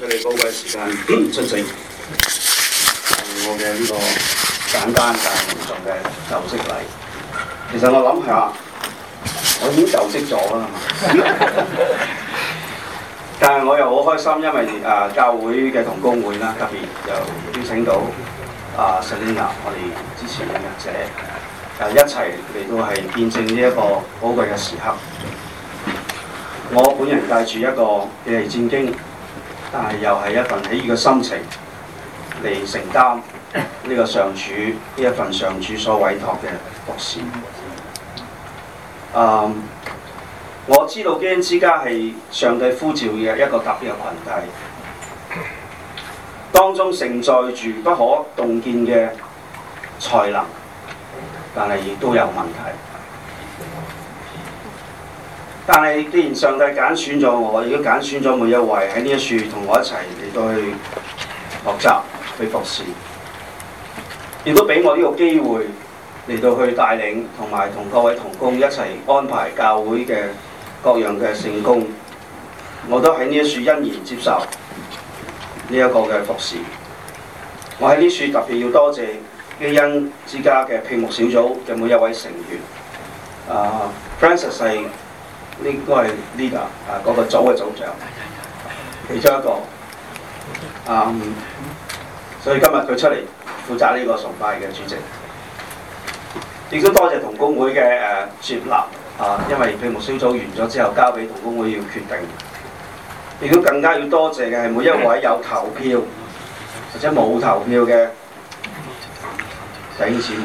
喺你寶貴時間出席，我嘅呢個簡單但隆重嘅就職禮。其實我諗係話，我已經就職咗啦，嘛？ 但係我又好開心，因為誒、呃、教會嘅同工會啦，特別就邀請到啊石先生，呃、Selina，我哋之前嘅筆者，誒、呃、一齊嚟到係見證呢一個寶貴嘅時刻。我本人帶住一個《耶利戰經》。但係又係一份喜悅嘅心情嚟承擔呢個上主呢一份上主所委託嘅職事。Um, 我知道基恩之家係上帝呼召嘅一個特別嘅羣體，當中承載住不可動見嘅才能，但係亦都有問題。但係，既然上帝揀選咗我，亦都揀選咗每一位喺呢一處同我一齊嚟到去學習去服侍，亦都俾我呢個機會嚟到去帶領同埋同各位同工一齊安排教會嘅各樣嘅成功，我都喺呢一處欣然接受呢一個嘅服侍。我喺呢處特別要多謝基恩之家嘅屏幕小組嘅每一位成員。啊，啊，Francis 係應該係呢個啊，嗰個組嘅組長，其中一個啊、嗯，所以今日佢出嚟負責呢個崇拜嘅主席。亦都多謝同工會嘅誒設立啊，因為佢目書組完咗之後，交俾同工會要決定。亦都更加要多謝嘅係每一位有投票或者冇投票嘅弟兄姊，姊妹，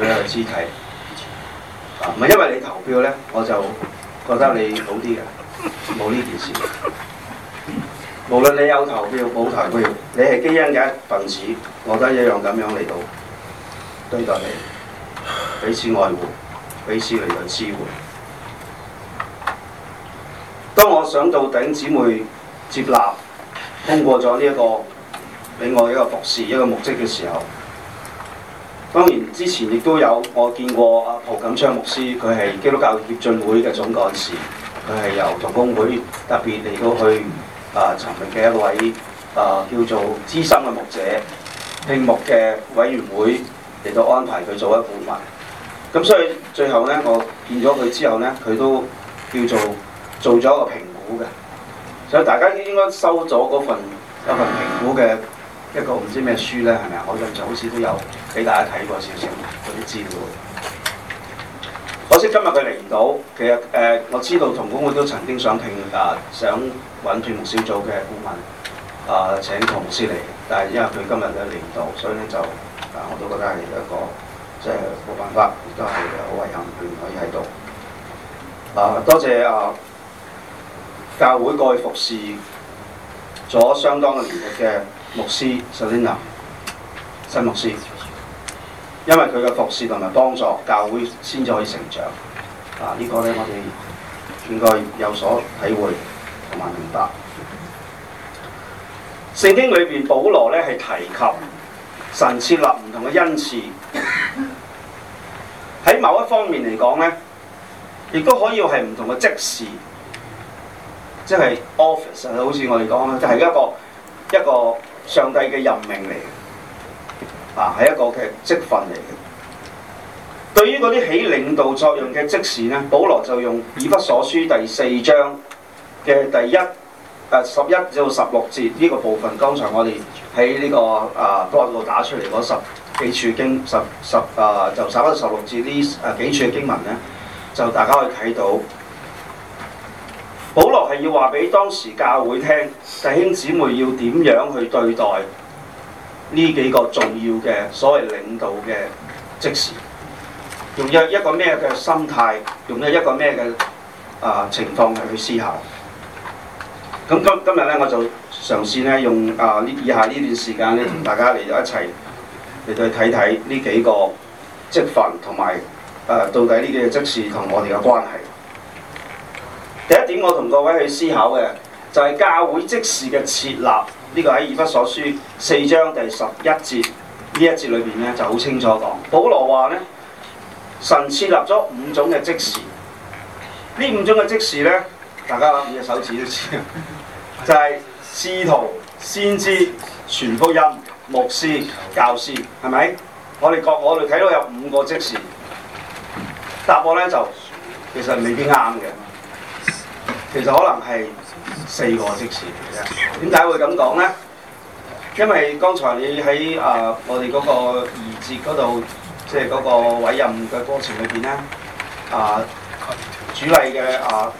每一位肢體。啊，唔係因為你投票咧，我就～覺得你好啲嘅，冇呢件事。無論你有投票冇投票，你係基恩嘅一份子，我都一樣咁樣嚟到對待你，彼此愛護，彼此嚟到支援。當我想到頂姊妹接納通過咗呢一個俾我一個服侍一個目的嘅時候。當然之前亦都有我見過阿陶錦昌牧師，佢係基督教協進會嘅總幹事，佢係由同工會特別嚟到去啊尋覓嘅一位啊、呃、叫做資深嘅牧者，聘牧嘅委員會嚟到安排佢做一個牧民。咁所以最後咧，我見咗佢之後咧，佢都叫做做咗一個評估嘅。所以大家應該收咗嗰份一份評估嘅。一個唔知咩書咧，係咪？我印象好似都有俾大家睇過少少嗰啲資料。可惜今日佢嚟唔到。其實誒、呃，我知道同工會都曾經想聽啊、呃，想揾專門小組嘅顧問啊請同事嚟，但係因為佢今日咧嚟唔到，所以咧就啊、呃，我都覺得係一個即係冇辦法，亦都係好遺憾，佢唔可以喺度。啊、呃，多謝啊、呃，教會過去服侍咗相當嘅年頭嘅。牧師首先啦，新牧師，因為佢嘅服侍同埋幫助，教會先至可以成長。啊、這個，呢個咧，我哋應該有所體會同埋明白。聖經裏邊，保羅咧係提及神設立唔同嘅恩賜，喺 某一方面嚟講咧，亦都可以係唔同嘅職事，即係 office。好似我哋講咧，就係一個一個。一個上帝嘅任命嚟嘅，啊，係一個嘅職份嚟嘅。對於嗰啲起領導作用嘅職事咧，保羅就用以弗所書第四章嘅第一誒、啊、十一至到十六節呢個部分。剛才我哋喺呢個啊 box 度打出嚟嗰十幾處經十十啊就剩翻十六節呢啊幾處經文咧，就大家可以睇到。保羅係要話俾當時教會聽，弟兄姊妹要點樣去對待呢幾個重要嘅所謂領導嘅職事，用一一個咩嘅心態，用一個咩嘅啊情況去思考。咁今今日咧，我就嘗試咧用啊呢、呃、以下呢段時間咧，同大家嚟到一齊嚟到去睇睇呢幾個職分同埋啊到底呢幾個職事同我哋嘅關係。第一點，我同各位去思考嘅就係、是、教會職事嘅設立。呢、這個喺《以弗所書》四章第十一節呢一節裏面咧，就好清楚講。保羅話咧，神設立咗五種嘅職事。呢五種嘅職事咧，大家攞起手指都知道，就係使徒、先知、傳福音、牧師、教師，係咪？我哋覺我哋睇到有五個職事。答案咧就其實未必啱嘅。 其實可能係四個職事嚟嘅啫，點解會咁講咧？因為剛才你喺啊我哋嗰個二節嗰度，即係嗰個委任嘅過程裏邊咧，啊主禮嘅啊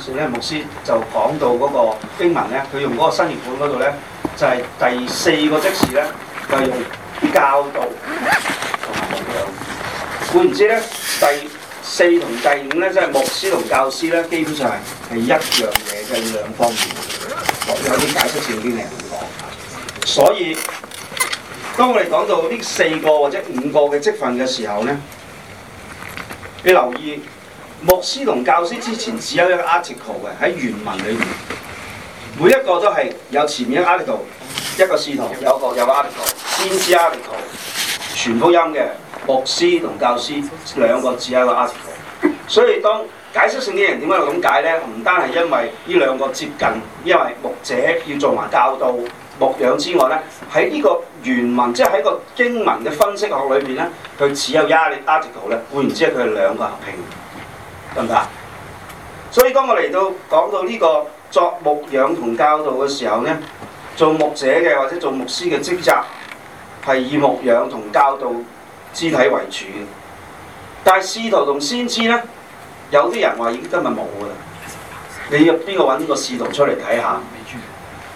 聖經牧師就講到嗰個經文咧，佢用嗰個新譯本嗰度咧，就係、是、第四個職事咧，就用教導。換言之咧，第四同第五咧，即係牧師同教師咧，基本上係係一樣嘢嘅兩方面。有啲解釋上邊嘅人講，所以當我哋講到呢四個或者五個嘅職份嘅時候咧，你留意牧師同教師之前只有一個 article 嘅喺原文裏面，每一個都係有前面 article，一個 article，一個使徒，有個有 article，先知 article，傳福音嘅。牧師同教師兩個只係一個 article，所以當解釋性啲人點解咁解咧，唔單係因為呢兩個接近，因為牧者要做埋教導、牧養之外咧，喺呢個原文，即係喺個經文嘅分析學裏面咧，佢只有 article，article 咧，換言之，佢係兩個合併，得唔得？所以當我嚟到講到呢個作牧養同教導嘅時候咧，做牧者嘅或者做牧師嘅職責係以牧養同教導。肢體為主嘅，但係使徒同先知咧，有啲人話已經今日冇噶啦。你若邊個搵呢個使徒出嚟睇下？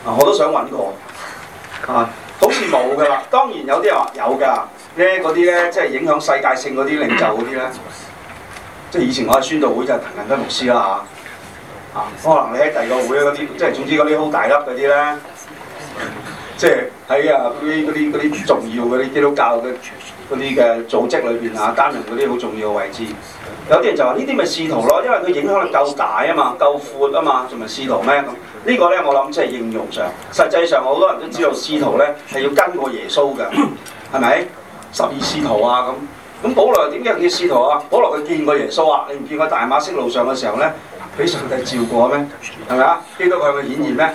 啊，我都想揾個啊，好似冇噶啦。當然有啲人話有㗎咧，嗰啲咧，即係影響世界性嗰啲領袖嗰啲咧，即係以前我喺宣道會就滕近輝牧師啦嚇。啊，可、啊、能你喺第二個會嗰啲，即係總之嗰啲好大粒嗰啲啦，即係喺啊嗰啲啲啲重要嗰啲基督教嘅。嗰啲嘅組織裏邊啊，擔任嗰啲好重要嘅位置。有啲人就話：呢啲咪使徒咯，因為佢影響力夠大啊嘛，夠闊啊嘛，仲係使徒咩咁？呢個咧，我諗即係應用上。實際上好多人都知道使徒咧係要跟過耶穌嘅，係咪？十二使徒啊咁。咁保羅點解叫使徒啊？保羅佢見過耶穌啊？你唔見過大馬色路上嘅時候咧，俾上帝照過咩？係咪啊？基督佢係咪顯現咩？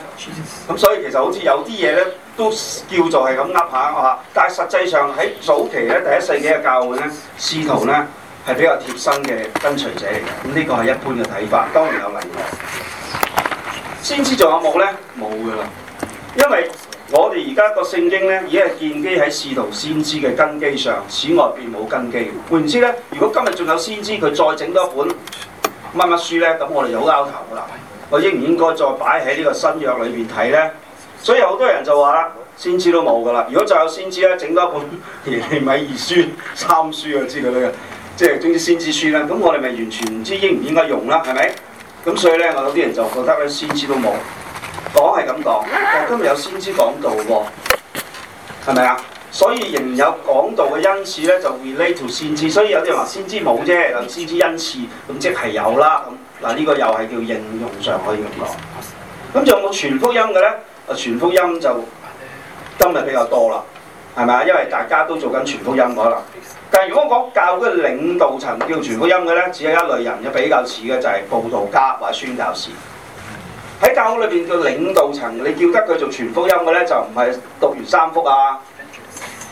咁所以其實好似有啲嘢咧。都叫做係咁噏下，但係實際上喺早期咧，第一世紀嘅教會咧，使徒咧係比較貼身嘅跟隨者嚟嘅。咁、這、呢個係一般嘅睇法，當然有例外。先知仲有冇咧？冇噶啦，因為我哋而家個聖經咧已經係建基喺使徒先知嘅根基上，此外便冇根基。換言之咧，如果今日仲有先知，佢再整多一本乜乜書咧，咁我哋有拗頭噶啦。我應唔應該再擺喺呢個新約裏邊睇咧？所以好多人就話啦，先知都冇噶啦。如果再有先知咧，整多一本《耶 利米二書》《三書》啊之類嘅，即係總之先知書啦。咁我哋咪完全唔知應唔應該用啦，係咪？咁所以咧，有啲人就覺得咧，先知都冇。講係咁講，但、哦、係今日有先知講道喎，係咪啊？所以仍然有講道嘅恩賜咧，就會 relate to 先知。所以有啲人話先知冇啫，有先知恩賜，咁即係有啦。咁嗱呢個又係叫應用上可以咁講。咁仲有冇全福音嘅咧？傳福音就今日比較多啦，係咪啊？因為大家都做緊傳福音可能。但係如果講教會領導層叫傳福音嘅咧，只有一類人嘅比較似嘅就係佈道家或者宣教士。喺教會裏邊嘅領導層，你叫得佢做傳福音嘅咧，就唔係讀完三福啊、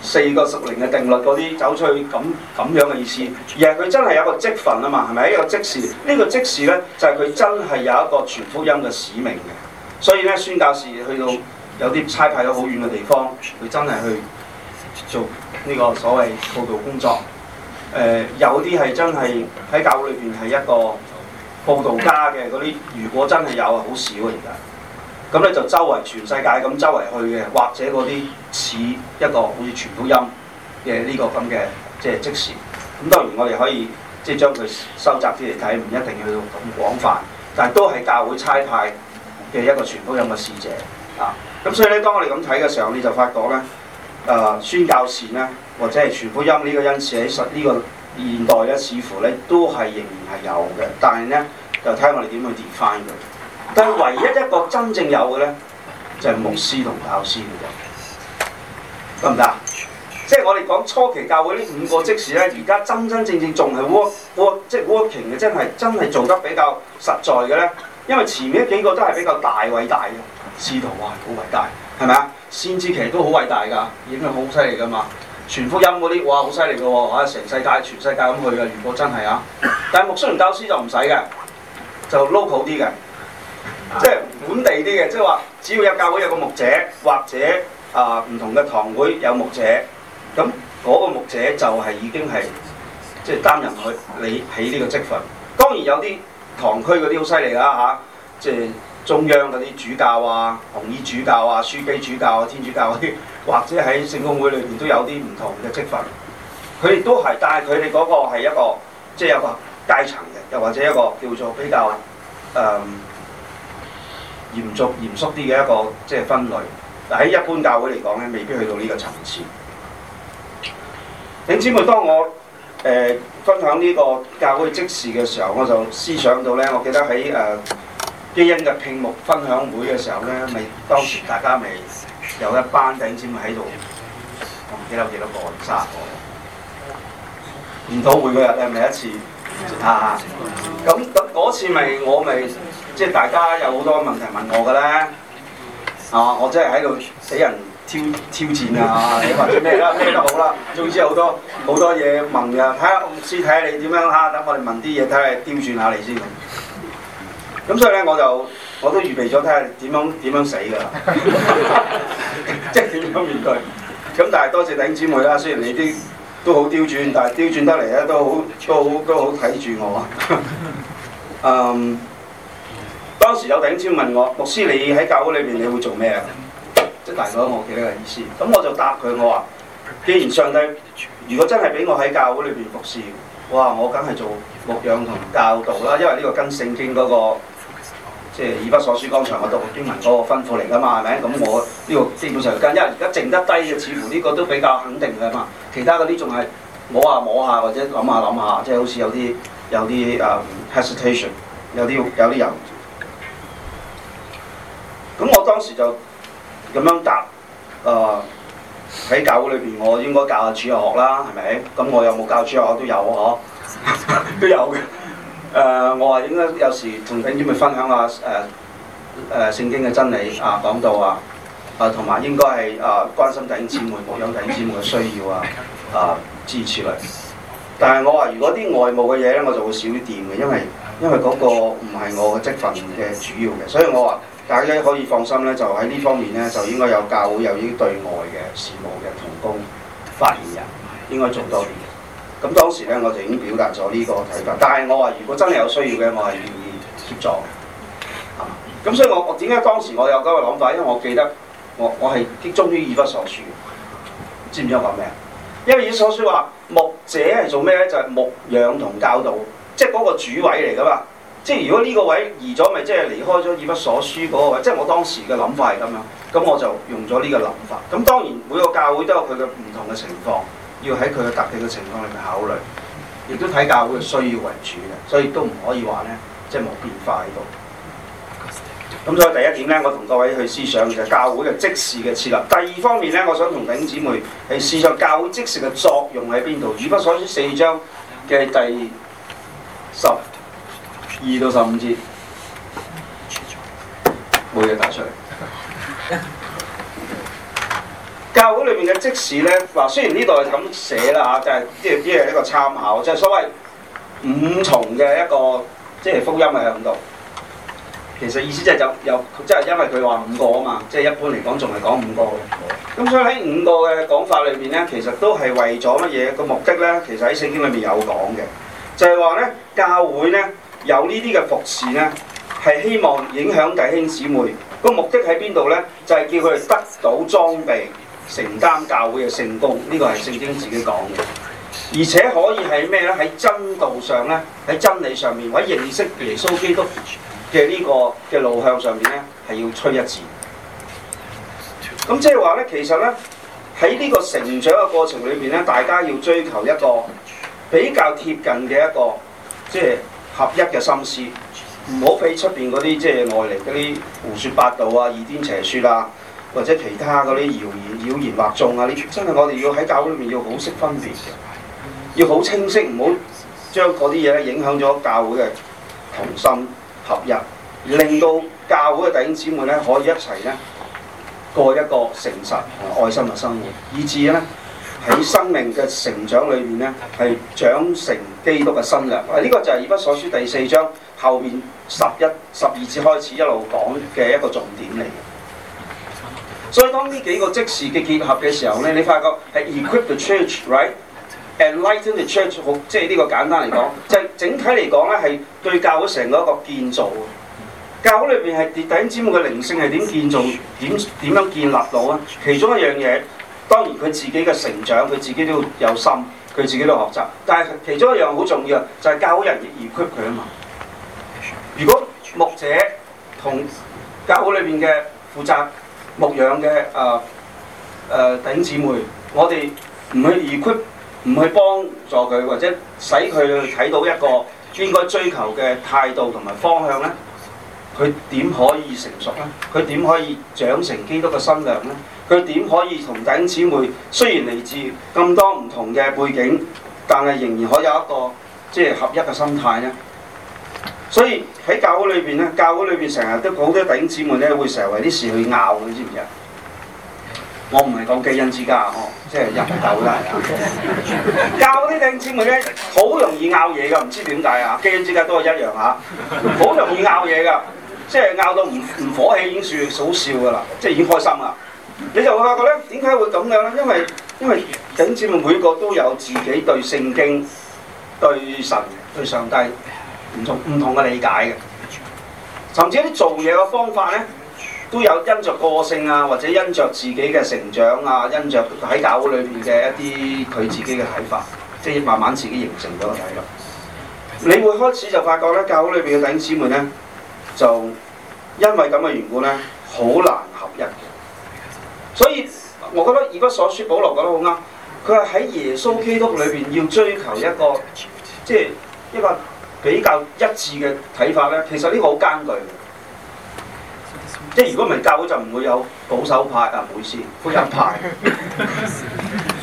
四個屬靈嘅定律嗰啲走出去咁咁樣嘅意思，而係佢真係有個職分啊嘛，係咪？一個職事，呢、這個職事咧就係佢真係有一個傳福音嘅使命嘅。所以咧，宣教士去到有啲差派咗好遠嘅地方，佢真係去做呢個所謂佈道工作。誒、呃，有啲係真係喺教會裏邊係一個佈道家嘅嗰啲，如果真係有，係好少，而家。咁咧就周圍全世界咁周圍去嘅，或者嗰啲似一個好似傳福音嘅呢個咁嘅即係即時。咁當然我哋可以即係將佢收集啲嚟睇，唔一定要到咁廣泛，但係都係教會差派嘅一個傳福音嘅使者啊，咁所以咧，當我哋咁睇嘅時候，你就發覺咧，誒、呃、宣教士咧，或者係傳福音呢個恩賜其實喺呢個現代咧，似乎咧都係仍然係有嘅，但係咧就睇下我哋點去 define 佢。但係唯一一個真正有嘅咧，就係、是、牧師同教師嘅啫，得唔得？即係我哋講初期教會呢五個職事咧，而家真真正正仲係 work, work 即係 working 嘅，真係真係做得比較實在嘅咧。因為前面一幾個都係比較大偉大嘅，使徒啊好偉大，係咪啊？先知其實都好偉大㗎，已經係好犀利㗎嘛。全福音嗰啲，哇，好犀利嘅喎嚇，成世界全世界咁去嘅，如果真係啊。但係牧師同教師就唔使嘅，就 local 啲嘅，即係本地啲嘅，即係話只要有教會有個牧者，或者啊唔、呃、同嘅堂會有牧者，咁嗰個牧者就係已經係即係擔任佢你起呢個職分。當然有啲。堂區嗰啲好犀利啊，嚇，即係中央嗰啲主教啊、紅衣主教啊、書記主教啊、天主教嗰、啊、啲，或者喺聖公會裏邊都有啲唔同嘅職分，佢哋都係，但係佢哋嗰個係一個即係有個階層嘅，又或者一個叫做比較誒嚴肅嚴肅啲嘅一個即係、就是、分類。喺一般教會嚟講咧，未必去到呢個層次。兄姊妹當我？誒、呃、分享呢個教會職事嘅時候，我就思想到咧，我記得喺誒、呃、基恩嘅屏幕分享會嘅時候咧，咪當時大家咪有一班頂尖喺度，我唔記得有幾多個，十個。唔到每嗰日咧，咪一次啊，咁咁嗰次咪、就是、我咪即係大家有好多問題問我㗎啦。啊，我真係喺度死人。挑挑戰啊，你或者咩啦，咩都好啦。總之好多好多嘢問啊，睇下牧師睇下你點樣嚇。等我哋問啲嘢，睇下你刁鑽下你先。咁所以咧，我就我都預備咗睇下點樣點樣死噶。 即係點樣面對。咁但係多謝弟兄姊妹啦、啊。雖然你啲都，都好刁鑽，但係刁鑽得嚟咧都好都好都好睇住我。 嗯，當時有弟兄問我牧師，你喺教會裏邊你會做咩啊？即大概我記得嘅意思。咁我就答佢，我話：既然上帝如果真係俾我喺教會裏邊服事，哇！我梗係做牧養同教導啦，因為呢個跟聖經嗰個即係以弗所書，剛才我讀經文嗰個吩咐嚟㗎嘛，係咪？咁我呢個基本上跟，因為而家剩得低嘅，似乎呢個都比較肯定嘅嘛。其他嗰啲仲係摸下摸下，或者諗下諗下，即係好似有啲有啲誒 hesitation，有啲有啲猶豫。咁我當時就。咁樣答，啊、呃、喺教會裏邊，我應該教下主學啦，係咪？咁我有冇教主學都有啊？嗬，都有嘅。誒、啊 呃，我話應該有時同弟兄姊妹分享下誒誒聖經嘅真理啊，講道啊，啊同埋應該係啊關心弟兄姊妹、顧念弟兄姊妹嘅需要啊啊支持啊。但係我話，如果啲外務嘅嘢咧，我就會少啲掂嘅，因為因為嗰個唔係我嘅職份嘅主要嘅，所以我話。大家可以放心咧，就喺呢方面咧，就應該有教會有啲對外嘅事務嘅同工發言人，應該做多啲。咁當時咧，我哋已經表達咗呢個睇法。但係我話，如果真係有需要嘅，我係願意協助。咁所以我我點解當時我有嗰個諗法？因為我記得我我係啲終於以弗所書，知唔知我講咩啊？因為以弗所書話牧者係做咩咧？就係、是、牧養同教導，即係嗰個主位嚟噶嘛。即係如果呢個位移咗，咪即係離開咗以弗所書嗰個位，即係我當時嘅諗法係咁樣，咁我就用咗呢個諗法。咁當然每個教會都有佢嘅唔同嘅情況，要喺佢嘅特定嘅情況裏面考慮，亦都睇教會嘅需要為主嘅，所以都唔可以話咧，即係冇變化喺度。咁所以第一點咧，我同各位去思想嘅、就是、教會嘅職事嘅設立。第二方面咧，我想同弟兄姊妹去思想教會職事嘅作用喺邊度。以弗所書四章嘅第十二到十五節，冇嘢打出嚟。 教會裏邊嘅職事咧，嗱雖然呢度係咁寫啦嚇，就係即係即係一個參考，就係、是、所謂五重嘅一個即係福音係響度。其實意思就有有即係就又即係因為佢話五個啊嘛，即、就、係、是、一般嚟講仲係講五個嘅。咁所以喺五個嘅講法裏面咧，其實都係為咗乜嘢個目的咧？其實喺聖經裏面有講嘅，就係話咧教會咧。有呢啲嘅服侍咧，係希望影響弟兄姊妹。個目的喺邊度咧？就係、是、叫佢哋得到裝備，承擔教會嘅聖工。呢、這個係聖經自己講嘅，而且可以喺咩咧？喺真道上咧，喺真理上面，或者認識耶穌基督嘅呢個嘅路向上面咧，係要趨一致。咁即係話咧，其實咧喺呢個成長嘅過程裏邊咧，大家要追求一個比較貼近嘅一個即係。就是合一嘅心思，唔好俾出邊嗰啲即係外嚟嗰啲胡說八道啊、異端邪說啊，或者其他嗰啲謠言妖言惑眾啊，呢真係我哋要喺教會裏面要好識分別嘅，要好清晰，唔好將嗰啲嘢咧影響咗教會嘅同心合一，令到教會嘅弟兄姊妹咧可以一齊咧過一個誠實同愛心嘅生活，以至咧。喺生命嘅成長裏面咧，係長成基督嘅新娘。啊，呢個就係《以弗所書》第四章後面十一、十二節開始一路講嘅一個重點嚟。所以當呢幾個即時嘅結合嘅時候咧，你發覺係 equip the church right? Enlighten the church 好，即係呢個簡單嚟講，就係、是、整體嚟講咧，係對教會成個一個建造。教會裏邊係跌頂尖嘅靈性係點建造？點點樣建立到啊？其中一樣嘢。當然佢自己嘅成長，佢自己都有心，佢自己都學習。但係其中一樣好重要，就係教會人要 equip 佢啊嘛。如果牧者同教會裏面嘅負責牧養嘅誒誒弟兄姊妹，我哋唔去 equip，唔去幫助佢，或者使佢去睇到一個應該追求嘅態度同埋方向咧，佢點可以成熟咧？佢點可以長成基督嘅身量咧？佢點可以同弟兄姊妹雖然嚟自咁多唔同嘅背景，但係仍然可以有一個即係合一嘅心態咧？所以喺教會裏邊咧，教會裏邊成日都好多弟兄姊妹咧，會成日為啲事去拗，你知唔知啊？我唔係講基恩之家哦，即係人 教啦，教啲弟兄姊妹咧，好容易拗嘢噶，唔知點解啊？基恩之家都係一樣嚇，好容易拗嘢噶，即係拗到唔唔火氣已經算好笑噶啦，即係已經開心啦。你就會發覺咧，點解會咁樣咧？因為因為弟兄姊妹每個都有自己對聖經、對神、對上帝唔同唔同嘅理解嘅，甚至一啲做嘢嘅方法咧，都有因著個性啊，或者因著自己嘅成長啊，因著喺教會裏邊嘅一啲佢自己嘅睇法，即係慢慢自己形成咗個睇法。你會開始就發覺咧，教會裏邊嘅弟兄姊妹咧，就因為咁嘅緣故咧，好難合一。所以，我覺得如果所説，保羅講得好啱。佢話喺耶穌基督裏邊要追求一個，即係一個比較一致嘅睇法咧。其實呢個好艱巨嘅，即係如果唔係教會就唔會有保守派啊，唔好意思，福音派，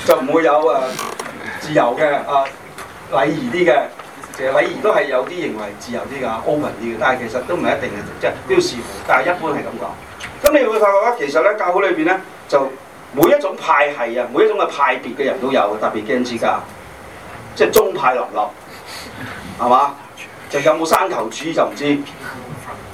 就唔會有誒自由嘅啊、禮儀啲嘅，其誒禮儀都係有啲認為自由啲噶、open 啲嘅，但係其實都唔係一定嘅，即係都要視乎。但係一般係咁講。咁你會發覺咧，其實咧教會裏邊咧。就每一種派系啊，每一種嘅派別嘅人都有，特別基恩之家，即係宗派林立，係嘛？就有冇山頭主義就唔知。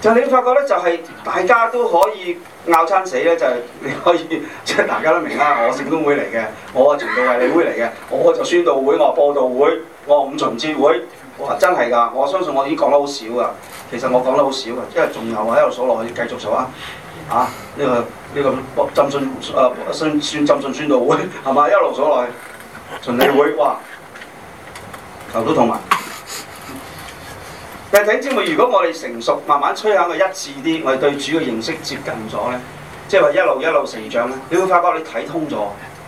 就你發覺咧，就係大家都可以拗餐死咧，就係、是、你可以即係 大家都明啦。我聖公會嚟嘅，我啊循道衛理會嚟嘅，我就宣道會，我播道會，我五旬節會，我真係㗎。我相信我已經講得好少啊。其實我講得好少啊，因為仲有我喺度數落去，繼續數啊。啊！呢、這個呢、這個浸信誒宣宣浸信宣道會係嘛？一路所來，循理會哇，頭都痛埋、啊。但係點知我如果我哋成熟，慢慢吹下佢一致啲，我哋對主嘅認識接近咗咧，即係話一路一路成長咧，你會發覺你睇通咗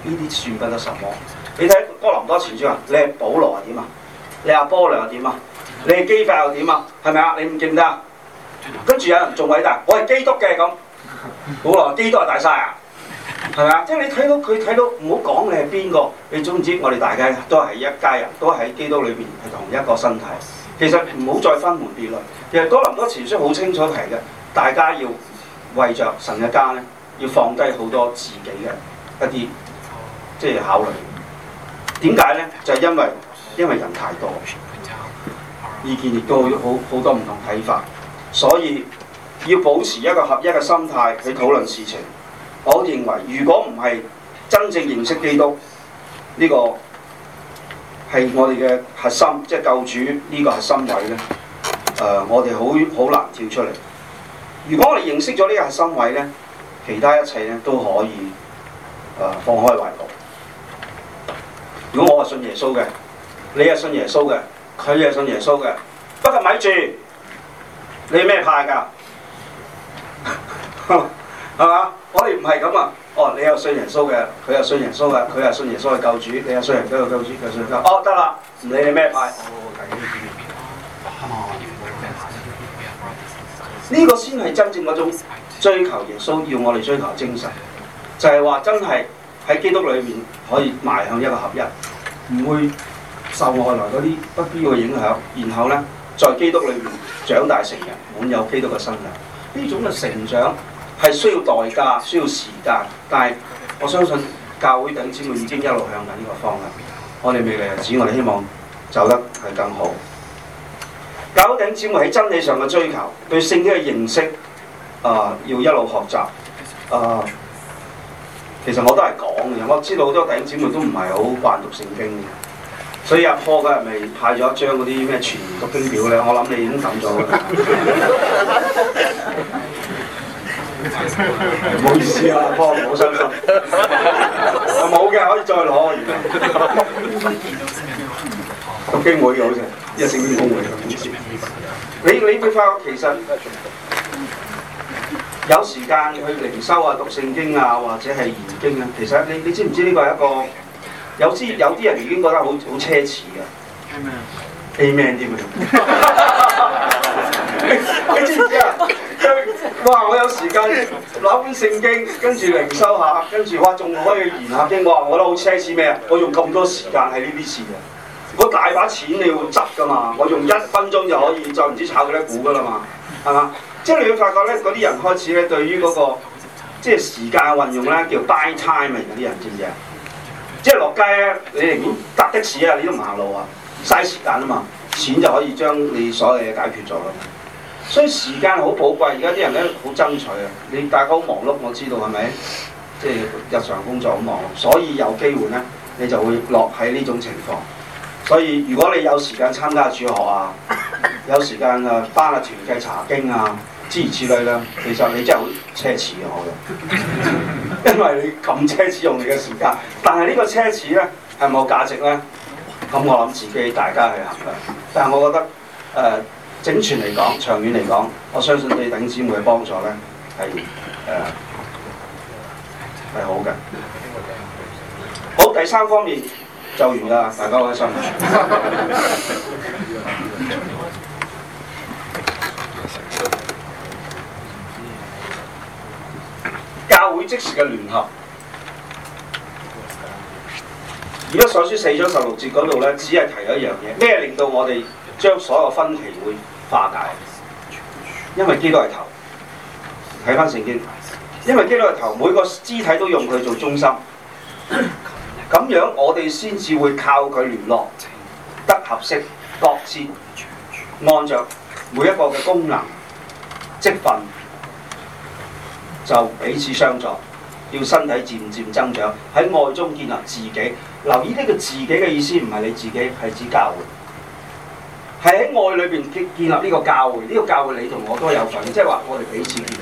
呢啲算不得什麼。你睇哥林多前書啊，你係保羅係點啊？你亞波羅又點啊？你係磯法又點啊？係咪啊？你唔記得？跟住有人仲偉大，我係基督嘅咁。好啦，基督係大晒啊，係咪啊？即係你睇到佢睇到，唔好講你係邊個，你總之我哋大家都係一家人，都喺基督裏邊係同一個身體。其實唔好再分門別類。其實哥林多前書好清楚提嘅，大家要為着神嘅家咧，要放低好多自己嘅一啲即係考慮。點解咧？就係因為因為人太多，意見亦都好好多唔同睇法，所以。要保持一個合一嘅心態去討論事情。我認為，如果唔係真正認識基督呢、呢個係我哋嘅核心，即係救主呢個核心位呢、呃、我哋好好難跳出嚟。如果我哋認識咗呢個核心位呢，其他一切都可以、呃、放開懷抱。如果我係信耶穌嘅，你係信耶穌嘅，佢係信耶穌嘅，不過咪住，你咩派㗎？係嘛？我哋唔係咁啊！哦，你有信耶穌嘅，佢有，有信耶穌嘅，佢有信耶穌嘅救主， 你有信耶穌嘅救主，佢信耶穌。哦，得啦，唔理你咩派。呢 個先係真正嗰種追求耶穌要我哋追求精神，就係、是、話真係喺基督裏面可以邁向一個合一，唔會受外來嗰啲不必要嘅影響。然後咧，在基督裏面長大成人，滿有基督嘅身量呢種嘅成長。係需要代價，需要時間，但係我相信教會頂姊妹已經一路向緊呢個方向。我哋未來日子，我哋希望走得係更好。教會頂姊妹喺真理上嘅追求，對聖經嘅認識，啊、呃，要一路學習。啊、呃，其實我都係講嘅，我知道好多頂姊妹都唔係好慣讀聖經嘅，所以阿科嗰日咪派咗一張嗰啲咩全讀經表咧，我諗你已經抌咗啦。 唔好意思啊，哥，唔好傷心。啊， 冇嘅，可以再攞。有 機會嘅好似，一線機會、嗯嗯、你你你返屋企，實有時間去靈修啊、讀聖經啊，或者係研經啊。其實你你知唔知呢個係一個有知有啲人已經覺得好好奢侈嘅。係咩啊？Amen，你知唔知啊？哇！我有時間攞本聖經，跟住靈修下，跟住哇仲可以研下經。我話我都好奢侈咩啊！我用咁多時間喺呢啲事啊，我大把錢你要執噶嘛。我用一分鐘就可以再唔知炒幾多股噶啦嘛，係嘛？即係你要發覺咧，嗰啲人開始咧對於嗰個即係時間運用咧叫 buy time 嗰啲人知唔知啊？即係落街咧，你寧願搭的士啊，你都唔行路啊，嘥時間啊嘛，錢就可以將你所有嘢解決咗啦。所以時間好寶貴，而家啲人咧好爭取啊！你大家好忙碌，我知道係咪？即係、就是、日常工作好忙碌，所以有機會咧，你就會落喺呢種情況。所以如果你有時間參加主學啊，有時間啊翻下《團契查經》啊，諸如此類啦，其實你真係好奢侈嘅，我覺得， 因為你咁奢侈用你嘅時間。但係呢個奢侈咧係冇價值咧，咁我諗自己大家去衡量。但係我覺得誒。呃整全嚟講，長遠嚟講，我相信對等姊妹嘅幫助咧係誒係好嘅。好，第三方面就完㗎，大家都開心。 教會即時嘅聯合，而家所書四章十六節嗰度咧，只係提咗一樣嘢，咩令到我哋將所有分歧會？化解，因為基督係頭，睇返聖經，因為基督係頭，每個肢體都用佢做中心，咁樣我哋先至會靠佢聯絡得合適，各自按着每一個嘅功能，積分就彼此相助，要身體漸漸增長，喺愛中建立自己。留意呢個自己嘅意思，唔係你自己，係指教會。係喺愛裏邊建建立呢個教會，呢個教會你同我都有份，即係話我哋彼此建立。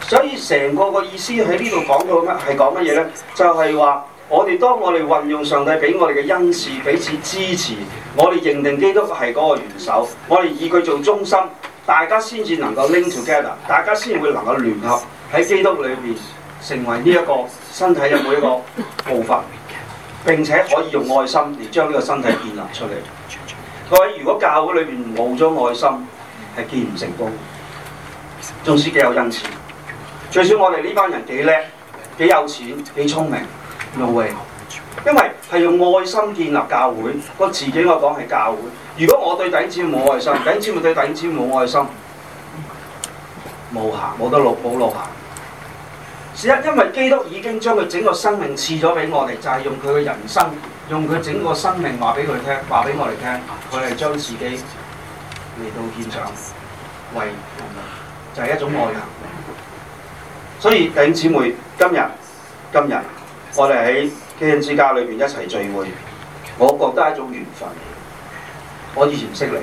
所以成個個意思喺呢度講到乜係講乜嘢咧？就係話我哋當我哋運用上帝俾我哋嘅恩賜，彼此支持，我哋認定基督係嗰個元首，我哋以佢做中心，大家先至能夠 link together，大家先會能夠聯合喺基督裏邊成為呢一個身體嘅每一個部分，並且可以用愛心嚟將呢個身體建立出嚟。各位，如果教會裏面冇咗愛心，係建唔成功的。縱使幾有恩賜，最少我哋呢班人幾叻、幾有錢、幾聰明，冇謂。因為係用愛心建立教會，我自己嚟講係教會。如果我對頂尖冇愛心，頂尖咪對頂尖冇愛心，無行冇得落，冇路行。是因因為基督已經將佢整個生命賜咗俾我哋，就係、是、用佢嘅人生。用佢整個生命話俾佢聽，話俾我哋聽，佢係將自己嚟到現場為人，就係一種愛人。 所以弟兄姊妹，今日今日我哋喺基恩之家裏邊一齊聚會，我覺得係一種緣分。我以前唔識你嘅，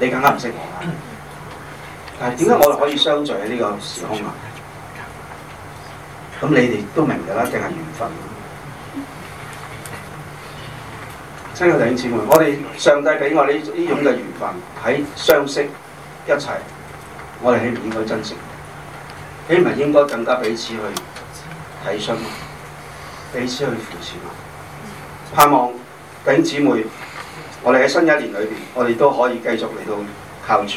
你更加唔識我啊！但係點解我哋可以相聚喺呢個時空啊？咁你哋都明㗎啦，正係緣分。真係弟兄姊妹，我哋上帝俾我哋呢呢種嘅緣分喺相識一齊，我哋係唔應該珍惜，係咪應該更加彼此去體恤，彼此去扶持嘛？盼望弟兄姊妹，我哋喺新一年裏邊，我哋都可以繼續嚟到靠主。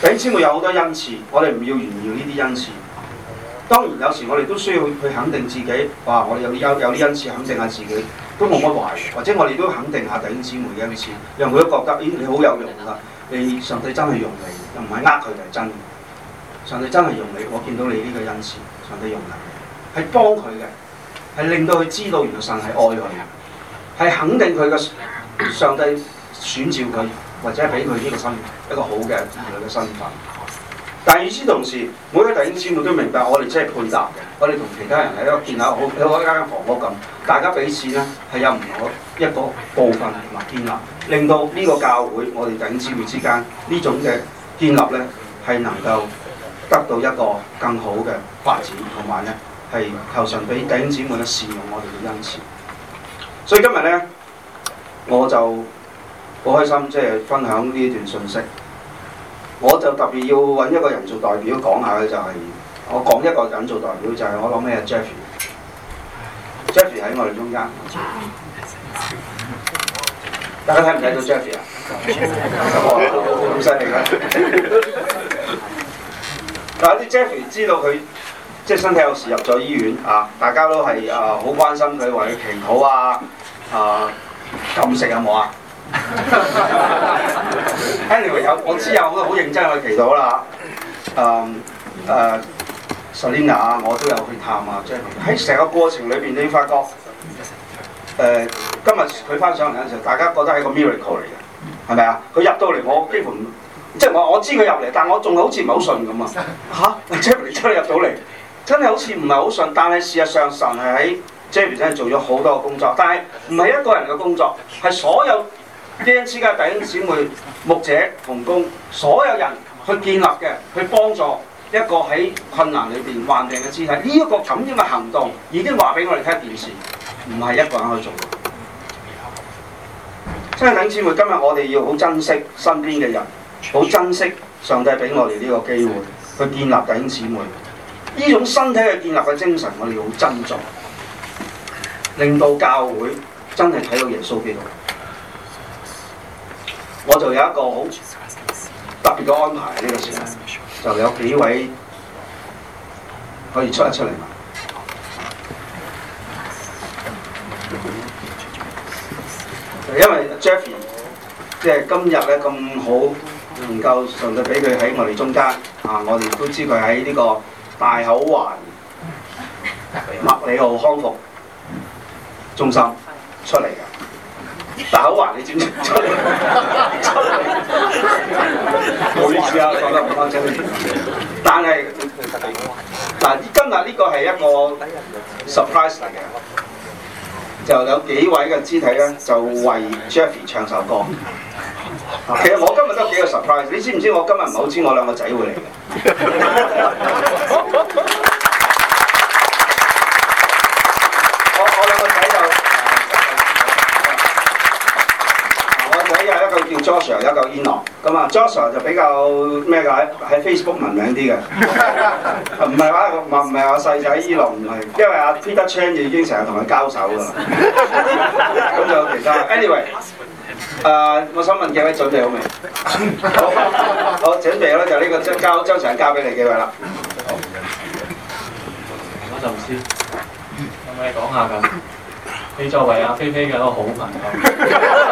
弟兄姊妹有好多恩賜，我哋唔要炫耀呢啲恩賜。當然有時我哋都需要去肯定自己，哇！我哋有啲有啲恩賜肯定下自己，都冇乜懷疑；或者我哋都肯定下弟兄姊妹嘅恩賜，因為佢都覺得，咦、哎！你好有用㗎，你上帝真係用你，又唔係呃佢就係真。上帝真係用你，我見到你呢個恩賜，上帝用㗎，係幫佢嘅，係令到佢知道原來神係愛佢嘅，係肯定佢嘅上帝選召佢，或者俾佢呢個身一個好嘅女嘅身份。但係，與此同時，每一個弟兄姊妹都明白我們是，我哋真係配搭嘅。我哋同其他人係一個建立好，好似一間房屋咁，大家彼此呢係有唔同的一個部分同埋建立，令到呢個教會我哋弟兄姊妹之間呢種嘅建立呢係能夠得到一個更好嘅發展，同埋呢係求神俾弟兄姊妹呢善用我哋嘅恩賜。所以今日呢，我就好開心，即係分享呢段信息。我就特別要揾一個人做代表講下，佢就係我講一個人做代表就係我諗咩啊 Jeffrey，Jeffrey 喺我哋中間，大家睇唔睇到 Jeffrey 啊？好犀利㗎。但係啲 Jeffrey 知道佢即係身體有事入咗醫院啊，大家都係啊好關心佢，為佢祈禱啊，啊禁食有冇啊？ anyway 有我知有好多好認真去祈禱啦，誒誒 Selina 啊，我都有去探啊 Javier 喺成個過程裏邊你發覺誒、uh, 今日佢翻上嚟嘅時候，大家覺得係個 miracle 嚟嘅，係咪啊？佢入到嚟我幾乎唔即係我我知佢入嚟，但我仲好似唔係好信咁啊吓 Javier 真係入到嚟，真係好似唔係好信，但係事實上神係喺 Javier 真係做咗好多嘅工作，但係唔係一個人嘅工作，係所有。弟兄姊妹、牧者、同工，所有人去建立嘅、去幫助一個喺困難裏邊患病嘅肢體，呢、這、一個咁樣嘅行動已經話俾我哋聽一件事，唔係一個人去做。真係弟兄姊妹，今日我哋要好珍惜身邊嘅人，好珍惜上帝俾我哋呢個機會去建立弟兄姊妹。呢種身體嘅建立嘅精神，我哋要好珍重，令到教會真係睇到耶穌基督。我就有一個好特別嘅安排，呢個時候，就有幾位可以出一出嚟，因為 Jeffrey 即係今日咧咁好，能夠順勢俾佢喺我哋中間，我哋都知佢喺呢個大口環麥理浩康復中心出嚟嘅。大口橫你轉出出， 唔好意思啊！講得唔啱真啲，但係嗱，但今日呢個係一個 surprise 嚟嘅，就有幾位嘅肢體咧，就為 Jeffrey 唱首歌。其實我今日都幾個 surprise，你知唔知我今日唔係好知我兩個仔會嚟嘅？ Joshua 有個伊諾，咁啊 Joshua 就比較咩㗎喺喺 Facebook 聞名啲嘅，唔係話唔係話細仔伊諾唔係，因為阿 Peter Chan 已經成日同佢交手啦。咁 就其他，anyway，誒、uh，我想問幾位準備好未？ 好，好，準備啦，就呢、是這個將，將交將成交俾你幾位啦。我唔緊要嘅，我就先，有冇嘢講下㗎？你作為阿菲菲嘅一個好朋友。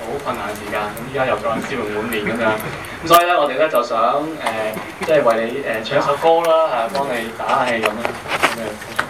好困難時間，咁依家又再笑容滿面咁樣，咁所以咧，我哋咧就想誒，即、呃、係、就是、為你誒、呃、唱一首歌啦，係、啊、幫你打下氣咁啦。